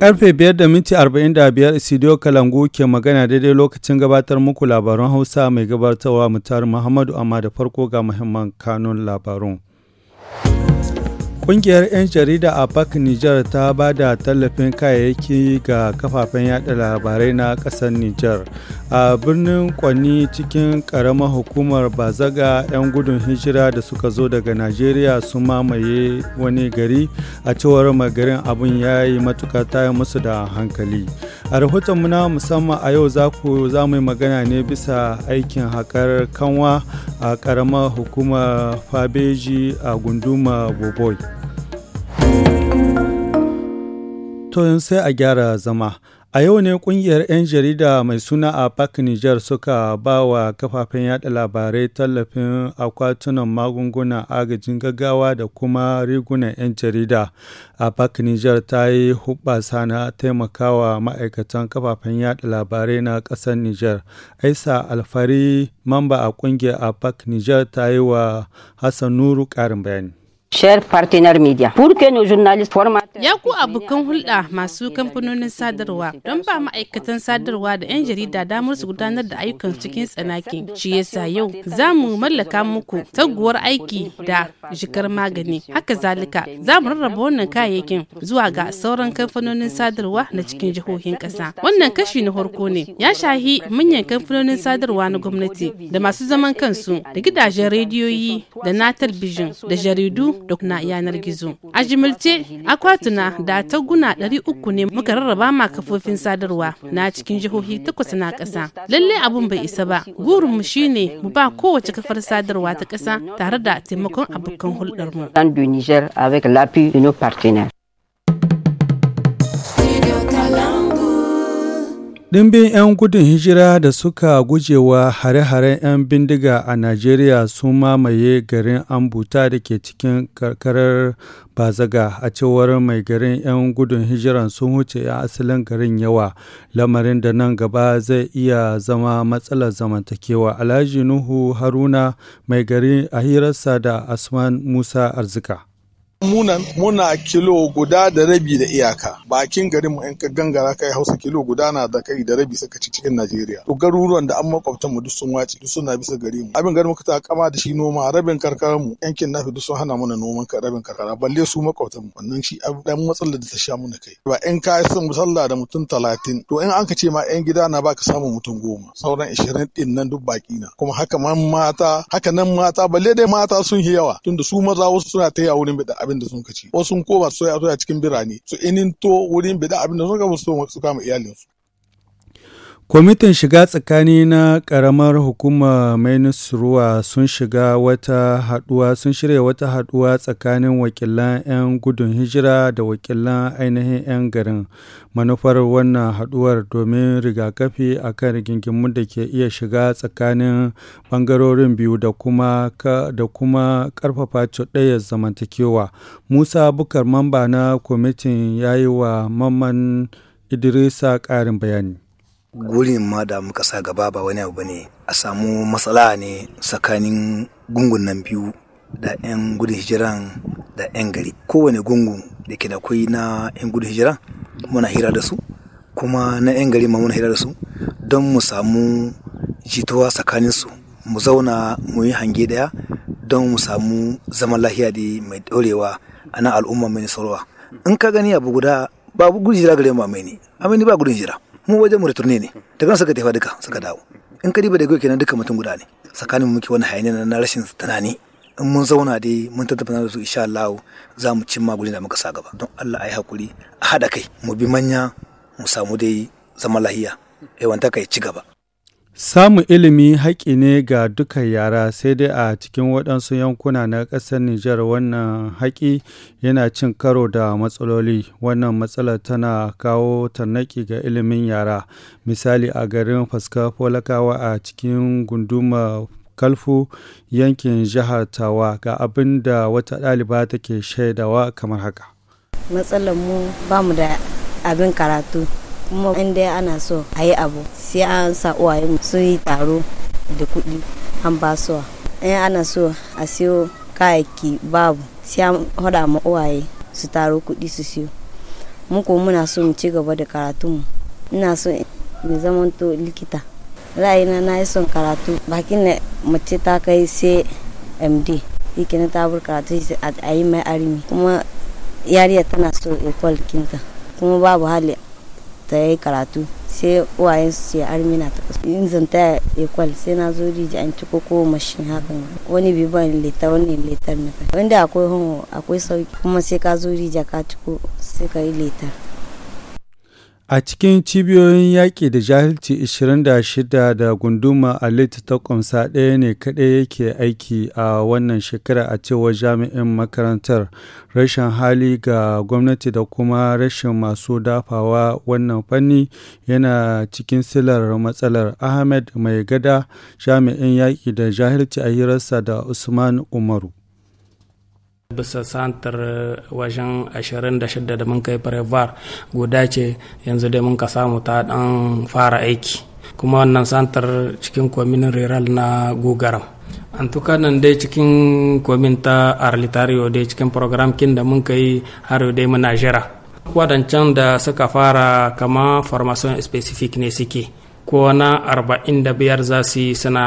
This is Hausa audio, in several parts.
Karfe 5 da minti 45 Isidio Kalangu ke magana daidai lokacin gabatar muku labaran Hausa mai gabatarwa mutar Muhammadu amma da farko ga muhimman kanun labarun. Ƙungiyar 'yan jarida a Park Nijar ta ba da tallafin kayayyaki ga kafafen yada labarai na ƙasar Nijar. A birnin Kwani cikin ƙaramar hukumar Bazaga 'yan gudun hijira da suka zo daga Najeriya sun mamaye wani gari a cewar magarin abin ya yi matuƙa tayar musu da hankali. A rahoton muna musamman a yau za ku za magana ne bisa aikin haƙar kanwa a ƙaramar hukumar Fabeji a gunduma Boboi. to sai a gyara zama. A yau ne kungiyar 'yan jarida mai suna a Park Niger suka ba wa kafafen yada labarai tallafin akwatunan magunguna agajin gaggawa da kuma rigunan 'yan jarida. A Park Niger ta yi hubbasa na taimakawa ma'aikatan kafafen yada labarai na ƙasar Niger. Aisa Alfari, mamba a kungiyar a Park Niger ta yi wa Hassan Nuru ƙarin bayani. Share Partner Media. Purke no journalist format. Ya ku abokan hulɗa masu kamfanonin sadarwa don ba ma'aikatan sadarwa da 'yan jarida damar su gudanar da ayyukan cikin tsanaki. Shi yasa yau za mu mallaka muku taguwar aiki da jikar magani. Haka zalika za mu rarraba wannan kayayyakin zuwa ga sauran kamfanonin sadarwa na cikin jihohin ƙasa. Wannan kashi na farko ne ya shahi manyan kamfanonin sadarwa na gwamnati da masu zaman kansu da gidajen rediyoyi da na talbijin da jaridu duk na yanar gizo. A jimilce akwatuna da taguna ɗari uku ne muka rarraba ma kafofin sadarwa na cikin jihohi takwas na ƙasa. Lalle abun bai isa ba. Gurinmu shine mu ba kowace kafar sadarwa ta ƙasa tare da taimakon abokan hulɗarmu. Ɗimbin 'yan gudun hijira da suka gujewa hare-haren 'yan bindiga a Najeriya sun mamaye garin Ambuta da ke cikin karkarar Bazaga a cewar mai garin 'yan gudun hijiran sun wuce 'yan asalin garin yawa lamarin da nan gaba zai iya zama matsalar zamantakewa Alhaji Nuhu Haruna mai gari a hirarsa da Asman Musa Arzika. munan muna kilo guda da rabi da iyaka bakin garin mu in ka gangara kai hausa kilo guda na da kai da rabi suka ci cikin najeriya to garuruwan da an makwabta mu duk sun wace duk suna bisa gari mu abin garin muka ta kama da shi noma rabin karkara mu yankin nafi duk sun hana mana noman ka rabin karkara balle su makwabta mu wannan shi dan matsalar da ta sha muna kai ba in ka san musalla da mutum talatin to in an ka ce ma yan gida na baka samu mutum goma sauran ishirin din nan duk baki na kuma haka man mata haka nan mata balle dai mata sun yi yawa tunda su maza wasu suna ta yawo ne da abin da sun ka ci wasu ko ba soya soya cikin birane su inin to wurin bida abin da sun ka so su kama iyalinsu Kwamitin shiga tsakani na ƙaramar hukumar Minisruwa sun shiga wata haɗuwa sun shirya wata haɗuwa tsakanin wakilan 'yan gudun hijira da wakilan ainihin 'yan garin. Manufar wannan haɗuwar domin rigakafi a kan rigingimun da ke iya shiga tsakanin ɓangarorin biyu da kuma da kuma ƙarfafa cuɗayar zamantakewa. Musa Bukar mamba na kwamitin ya yi wa Mamman Idrisa ƙarin bayani. gurin ma da muka sa gaba ba wani abu ne a samu matsala ne tsakanin gungun nan biyu da 'yan gudun hijiran da 'yan gari kowane gungun da ke da kwai na 'yan gudun hijira muna hira da su kuma na 'yan gari ma muna hira da su don mu samu jituwa tsakanin su mu zauna mu yi hange daya don mu samu zaman lahiya da mai dorewa a nan al'umma mai nasarwa in ka gani abu guda ba gudun hijira gare mu amini amini ba gudun hijira mu wajen mu da ne daga nan suka tafi duka suka dawo in ka diba da goyi kenan duka mutum guda ne tsakanin muke wani hayani na rashin tunani in mun zauna dai mun tattauna da su insha Allah za mu cimma gurin da muka sa gaba don Allah ayi hakuri a haɗa kai mu bi manya mu samu dai zaman lahiya yawan ta kai ci gaba Samun ilimi haƙƙi ne ga dukkan yara sai dai a cikin waɗansu yankuna na ƙasar Nijar wannan haƙƙi yana cin karo da matsaloli. Wannan matsalar tana kawo tannaki ga ilimin yara. Misali a garin Faska Folakawa a cikin gunduma Kalfu yankin jihar Tawa ga abin da wata ɗaliba take shaidawa kamar haka. Matsalar mu ba mu da abin karatu. kuma in dai ana so a yi abu sai an sa uwaye sun yi taro da kuɗi an basuwa in ana so a siyo kayayyaki babu sai an hada ma uwaye su taro kuɗi su siyo mu ko muna so mu ci gaba da mu ina so mu to likita ra'ayina na yi son karatu bakin na mace ta kai sai md yake na tabar karatu a yi mai arimi kuma yariya tana so ekwal kinta kuma babu hali ta karatu sai uwayen su ce armina ta kasu in zan ta ekwal sai na zo riji an ciko ko mashin hakan wani bi ban letar wani letar na wanda akwai hono akwai sauki kuma sai ka zo rija ka ciko sai ka yi letar A cikin cibiyoyin yaƙi da jahilci 26 da gunduma a Alit ta ƙumsa ɗaya ne kaɗai yake aiki a wannan shekara a cewar jami'in makarantar rashin hali ga gwamnati da kuma rashin masu dafawa wannan fanni yana cikin silar matsalar Ahmed Mai Gada jami'in yaƙi da jahilci a hirarsa da Usman Umaru. bisa santar eh, wajen 26 da mun kai prevar guda ce yanzu dai mun ka samu ta dan fara aiki kuma wannan santar cikin kwaminin rural na gugaram an tuka nan dai cikin kwamin ta arlitario dai cikin program kin da mun kai har yau dai muna jira wadancan da suka fara kama formation specific ne suke ko na 45 za su yi suna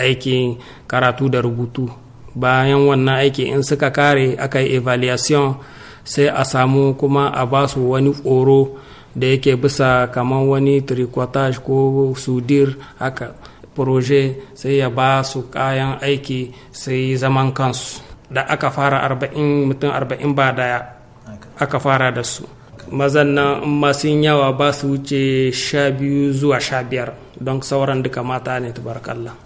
aikin karatu da rubutu bayan wannan aiki in suka kare aka yi evaluation sai a samu kuma a ba su wani tsoro da yake bisa kamar wani tricotage ko sudir haka proje sai ya ba su kayan aiki sai zaman kansu da aka fara arba'in mutum arba'in ba daya aka fara da su mazan nan masu yawa ba su wuce sha zuwa sha biyar don sauran duka mata ne tabarakallah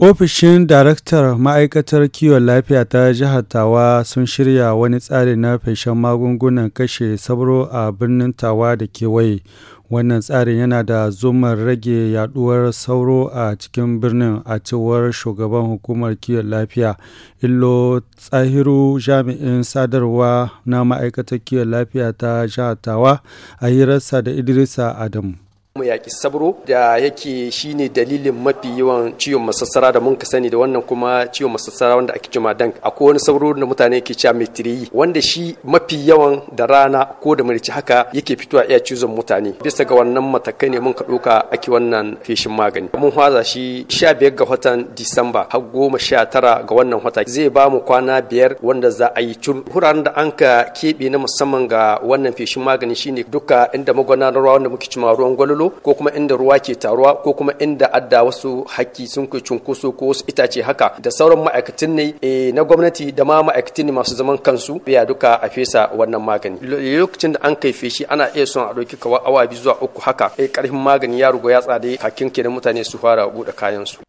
Ofishin Daraktar Ma'aikatar Kiwon Lafiya ta Jihar Tawa sun shirya wani tsari na feshen magungunan kashe sauro a birnin Tawa da kewaye. Wannan tsarin yana da zumar rage yaduwar sauro a cikin birnin a cewar shugaban hukumar kiwon lafiya. Illo tsahiru jami'in sadarwa na ma'aikatar kiwon lafiya ta jihar Tawa a hirarsa da Idrisa Adamu. mu yaƙi sabro da yake shine dalilin mafi yawan ciwon masassara da mun ka sani da wannan kuma ciwon masassara wanda ake cewa dank akwai wani sabro da mutane ke cewa metriyi wanda shi mafi yawan da rana ko da marici haka yake fitowa iya cizon mutane bisa ga wannan matakai ne mun ka ɗauka ake wannan feshin magani mun haza shi 15 ga watan disamba har goma sha tara ga wannan wata zai ba mu kwana biyar wanda za a yi cur wuraren da an ka keɓe na musamman ga wannan feshin magani shine duka inda na ruwa wanda muke cima ruwan gwalolo ko kuma inda ruwa ke taruwa ko kuma inda adda wasu hakki sun kai cunkoso ko wasu itace haka da sauran ma'aikatan ne eh, na gwamnati da ma ma'aikatan ne masu zaman kansu ya duka a fesa wannan magani lokacin da an kai feshi ana iya son a ɗauki kawa awa biyu zuwa uku haka eh, ƙarfin magani ya rugo ya tsade kakin kenan mutane su fara buɗe kayan su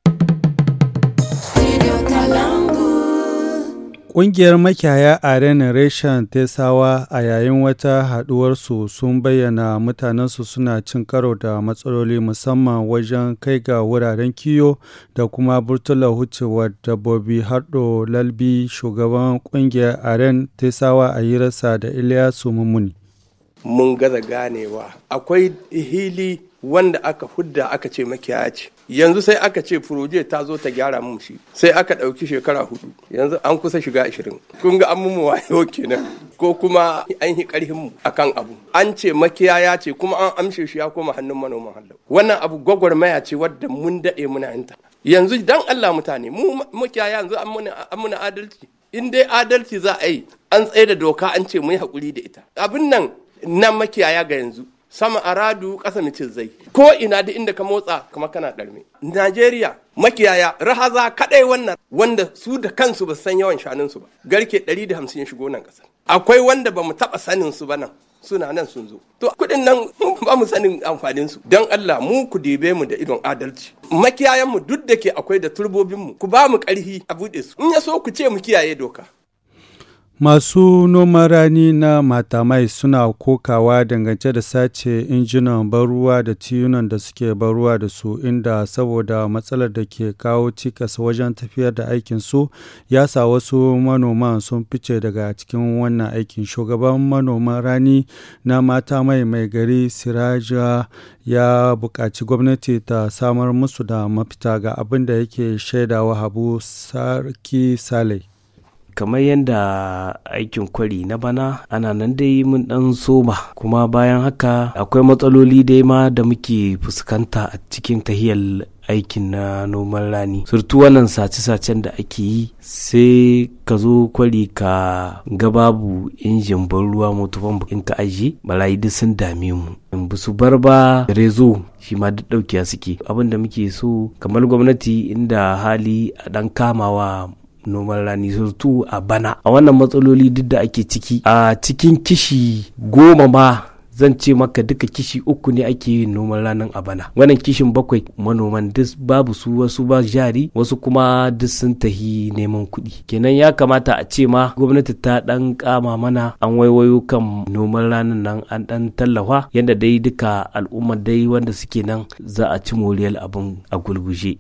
Ƙungiyar makiyaya a Renin Reshen Tesawa a yayin wata haɗuwarsu sun bayyana mutanensu suna cin karo da matsaloli musamman wajen kai ga wuraren kiyo da kuma burtula hucewar dabbobi harɗo lalbi shugaban ƙungiyar Aren Tesawa a hirarsa da Iliyasu Mummuni. Mun gaza ganewa akwai hili wanda aka hudda aka ce makiyaya ce yanzu sai aka ce furoje ta zo ta gyara mun shi sai aka ɗauki shekara hudu yanzu an kusa shiga ashirin kun ga an mumu wayo kenan ko kuma an yi ƙarfin mu akan abu an ce makiyaya ce kuma an amshe shi ya koma hannun manoman hallo wannan abu gwagwarmaya ce wadda mun daɗe muna yinta yanzu dan Allah mutane mu makiyaya yanzu an muna adalci in dai adalci za a yi an tsaye da doka an ce mu yi haƙuri da ita abin nan na makiyaya ga yanzu sama aradu ƙasa ni zai ko ina da inda ka motsa kama kana ɗarme. Najeriya makiyaya rahaza kaɗai wannan wanda su da kansu ba san yawan shanunsu ba garke ɗari da hamsin ya shigo nan ƙasar. Akwai wanda ba mu taɓa sanin su ba nan suna nan sun zo. To kuɗin nan ba mu sanin amfanin su. Don Allah mu ku dibe mu da idon adalci. Makiyayan mu duk da ke akwai da turbobin mu ku ba mu ƙarfi a buɗe su. In ya so ku ce mu kiyaye doka. Masu noman rani na matamai suna kokawa dangance da sace injinan ruwa da tiyunan da suke ruwa da su inda saboda matsalar da ke kawo cikas wajen tafiyar da aikin su ya sa wasu manoman sun fice daga cikin wannan aikin shugaban manoman rani na matamai mai gari siraja ya buƙaci gwamnati ta samar musu da mafita ga abin da yake shaidawa habu sarki sale kamar yadda aikin kwari na bana ana nan dai mun dan soma kuma bayan haka akwai matsaloli dai ma da muke fuskanta a cikin tahiyar aikin na noman rani surtu wannan sace-sacen da ake yi sai ka zo kwari ka ga babu injin ban ruwa motofan in ka aji barayi duk sun dame mu in ba su bar ba rezo shi ma duk daukiya suke abin da muke so kamar gwamnati inda hali a dan kamawa noman rani surtu a bana a wannan matsaloli duk da ake ciki a cikin kishi goma ma zan ce maka duka kishi uku ne ake yin noman ranar a bana wannan kishin bakwai manoman duk babu su wasu ba jari wasu kuma duk sun tahi neman kuɗi kenan ya kamata a ce ma gwamnati ta dan kama mana an waiwayo kan noman ranar nan an dan tallafa yadda dai duka al'umma dai wanda suke nan za a ci moriyar abin a gulguje.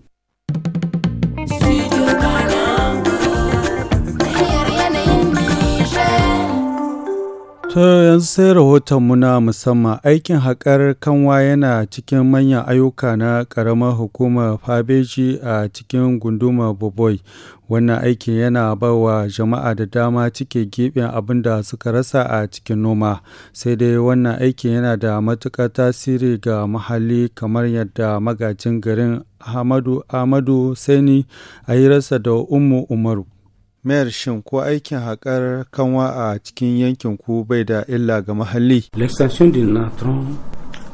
To yanzu sai rahotonmu na musamman aikin haƙar kanwa yana cikin manyan ayyuka na ƙaramar hukumar Fabeji a cikin gunduma Boboi. Wannan aikin yana ba jama'a da dama cike gibin abinda suka rasa a cikin noma. Sai dai wannan aikin yana da matuƙar tasiri ga muhalli kamar yadda magajin garin Ahmadu Ahmadu saini a rasa da umu Umaru. Mayar shin ko aikin haƙar kanwa a cikin yankin ku bai da illa ga muhalli?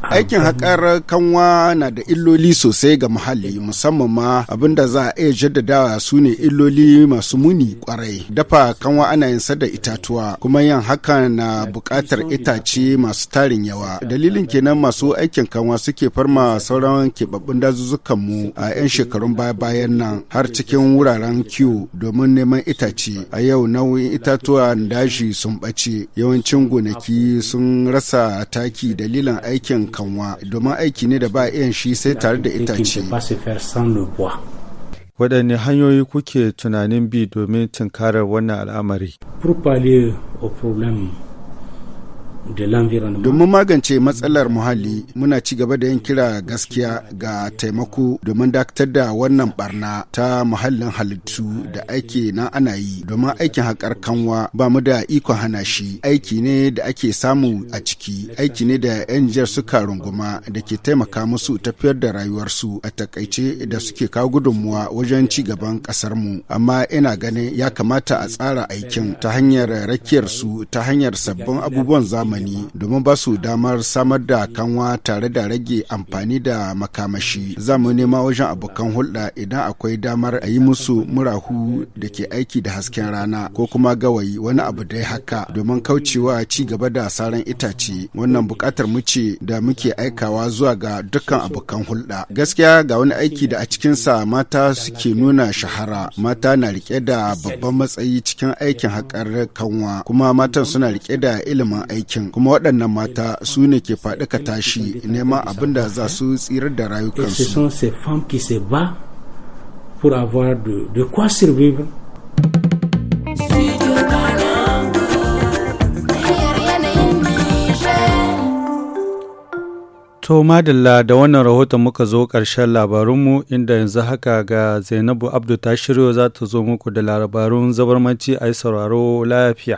Aikin haƙar kanwa na da illoli sosai ga muhalli musamman ma abinda za a iya jaddadawa su ne illoli masu muni kwarai. Dafa kanwa ana yin da itatuwa kuma yin haka na buƙatar itace masu tarin yawa. Dalilin kenan masu aikin kanwa suke farma sauran keɓaɓɓun dazuzzukan mu a 'yan shekarun baya-bayan nan har cikin wuraren kiwo domin neman itace. A yau nau'in itatuwa daji sun ɓace yawancin gonaki sun rasa taki dalilin aikin kanwa domin aiki ne da ba iyan shi sai tare da itace. waɗanne hanyoyi kuke tunanin bi domin tunkarar wannan al'amari? Domin magance matsalar muhalli muna ci gaba da yin kira gaskiya ga taimako domin dakatar da wannan barna ta muhallin halittu da aiki na ana yi domin aikin haƙar kanwa ba mu da ikon hana shi aiki ne da ake samu a ciki aiki ne da 'yan jiyar suka runguma da ke taimaka musu tafiyar da rayuwarsu a takaice da suke kawo gudunmuwa wajen ci gaban ƙasarmu amma ina ganin ya kamata a tsara aikin ta hanyar rakiyarsu ta hanyar sabbin abubuwan zamani zamani domin ba su damar samar da kanwa tare da rage amfani da makamashi za mu nema wajen abokan hulɗa idan akwai damar a yi musu murahu da ke aiki da hasken rana ko kuma gawayi wani abu dai haka domin kaucewa ci gaba da saran itace wannan buƙatar mu ce da muke aikawa zuwa ga dukkan abokan hulɗa gaskiya ga wani aiki da a cikinsa mata suke nuna shahara mata na rike da babban matsayi cikin aikin haƙar kanwa kuma matan suna rike da ilimin aikin Mm. kuma waɗannan mata su ne ke faɗi ka tashi neman abin da za su tsirar da rayukansu. To madalla da wannan rahoton muka zo ƙarshen labarunmu inda yanzu haka ga Zainabu Abdu ta shiryo za ta zo muku da labarun zabarmanci a yi sauraro lafiya.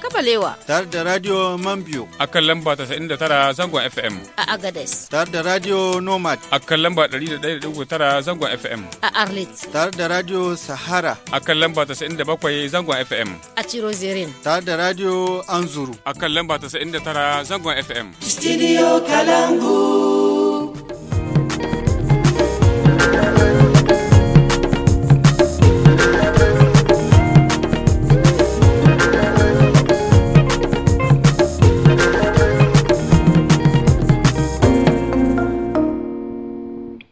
Kabalewa. Tare da Radio Mambio. A kan lamba 99 zangon FM. A Agades. Tare da Radio Nomad. A kan lamba 101.9 zangon FM. A Arlit. Tare da Radio Sahara. A kan lamba 97 zangon FM. A zirin. Tare da Radio Anzuru. A kan lamba 99 zangon FM. Studio Kalangu.